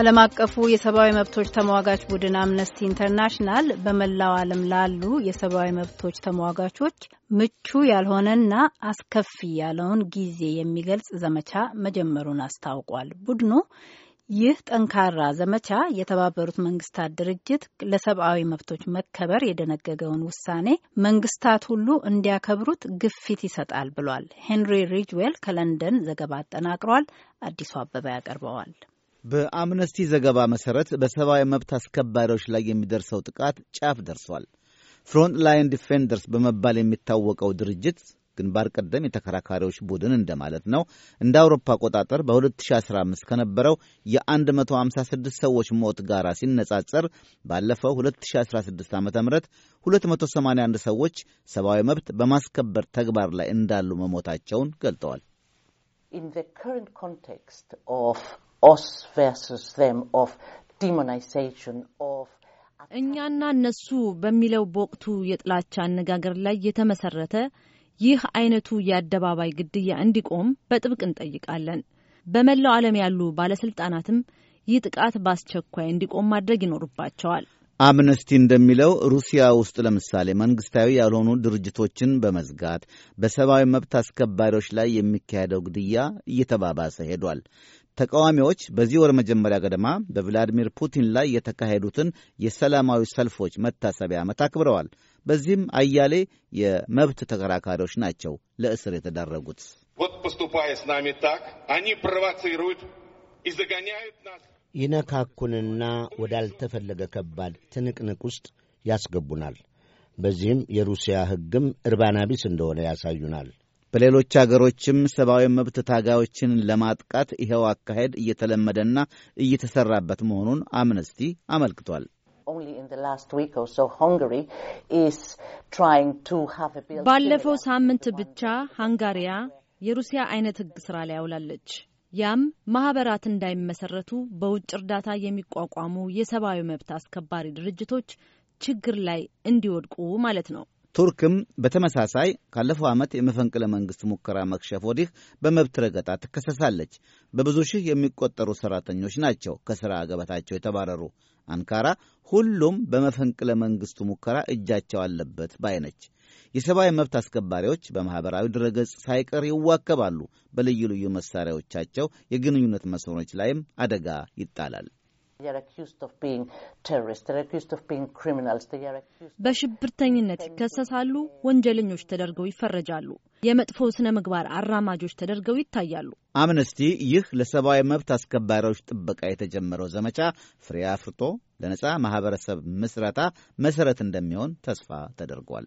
ዓለም አቀፉ የሰብአዊ መብቶች ተሟጋች ቡድን አምነስቲ ኢንተርናሽናል በመላው ዓለም ላሉ የሰብአዊ መብቶች ተሟጋቾች ምቹ ያልሆነና አስከፊ ያለውን ጊዜ የሚገልጽ ዘመቻ መጀመሩን አስታውቋል። ቡድኑ ይህ ጠንካራ ዘመቻ የተባበሩት መንግስታት ድርጅት ለሰብአዊ መብቶች መከበር የደነገገውን ውሳኔ መንግስታት ሁሉ እንዲያከብሩት ግፊት ይሰጣል ብሏል። ሄንሪ ሪጅዌል ከለንደን ዘገባ አጠናቅሯል። አዲሱ አበባ ያቀርበዋል። በአምነስቲ ዘገባ መሠረት በሰብአዊ መብት አስከባሪዎች ላይ የሚደርሰው ጥቃት ጫፍ ደርሷል። ፍሮንት ላይን ዲፌንደርስ በመባል የሚታወቀው ድርጅት ግንባር ቀደም የተከራካሪዎች ቡድን እንደማለት ነው። እንደ አውሮፓ አቆጣጠር በ2015 ከነበረው የ156 ሰዎች ሞት ጋር ሲነጻጸር ባለፈው 2016 ዓ ም 281 ሰዎች ሰብአዊ መብት በማስከበር ተግባር ላይ እንዳሉ መሞታቸውን ገልጠዋል። us versus them of demonization of እኛና እነሱ በሚለው በወቅቱ የጥላቻ አነጋገር ላይ የተመሰረተ ይህ አይነቱ የአደባባይ ግድያ እንዲቆም በጥብቅ እንጠይቃለን። በመላው ዓለም ያሉ ባለስልጣናትም ይህ ጥቃት በአስቸኳይ እንዲቆም ማድረግ ይኖርባቸዋል። አምነስቲ እንደሚለው ሩሲያ ውስጥ ለምሳሌ መንግሥታዊ ያልሆኑ ድርጅቶችን በመዝጋት በሰብአዊ መብት አስከባሪዎች ላይ የሚካሄደው ግድያ እየተባባሰ ሄዷል። ተቃዋሚዎች በዚህ ወር መጀመሪያ ገደማ በቭላዲሚር ፑቲን ላይ የተካሄዱትን የሰላማዊ ሰልፎች መታሰቢያ ዓመት አክብረዋል። በዚህም አያሌ የመብት ተከራካሪዎች ናቸው ለእስር የተዳረጉት። ይነካኩንና ወዳልተፈለገ ከባድ ትንቅንቅ ውስጥ ያስገቡናል። በዚህም የሩሲያ ሕግም እርባና ቢስ እንደሆነ ያሳዩናል። በሌሎች አገሮችም ሰብአዊ መብት ታጋዮችን ለማጥቃት ይኸው አካሄድ እየተለመደና እየተሰራበት መሆኑን አምነስቲ አመልክቷል። ባለፈው ሳምንት ብቻ ሃንጋሪያ የሩሲያ አይነት ህግ ስራ ላይ ያውላለች። ያም ማህበራት እንዳይመሰረቱ በውጭ እርዳታ የሚቋቋሙ የሰብአዊ መብት አስከባሪ ድርጅቶች ችግር ላይ እንዲወድቁ ማለት ነው። ቱርክም በተመሳሳይ ካለፈው ዓመት የመፈንቅለ መንግሥት ሙከራ መክሸፍ ወዲህ በመብት ረገጣ ትከሰሳለች። በብዙ ሺህ የሚቆጠሩ ሠራተኞች ናቸው ከሥራ ገበታቸው የተባረሩ። አንካራ ሁሉም በመፈንቅለ መንግሥቱ ሙከራ እጃቸው አለበት ነች። የሰብአዊ መብት አስከባሪዎች በማኅበራዊ ድረገጽ ሳይቀር ይዋከባሉ። በልዩ ልዩ መሣሪያዎቻቸው የግንኙነት መስመሮች ላይም አደጋ ይጣላል። በሽብርተኝነት ይከሰሳሉ፣ ወንጀለኞች ተደርገው ይፈረጃሉ፣ የመጥፎ ስነ ምግባር አራማጆች ተደርገው ይታያሉ። አምነስቲ ይህ ለሰብአዊ መብት አስከባሪዎች ጥበቃ የተጀመረው ዘመቻ ፍሬ አፍርቶ ለነጻ ማህበረሰብ ምስረታ መሰረት እንደሚሆን ተስፋ ተደርጓል።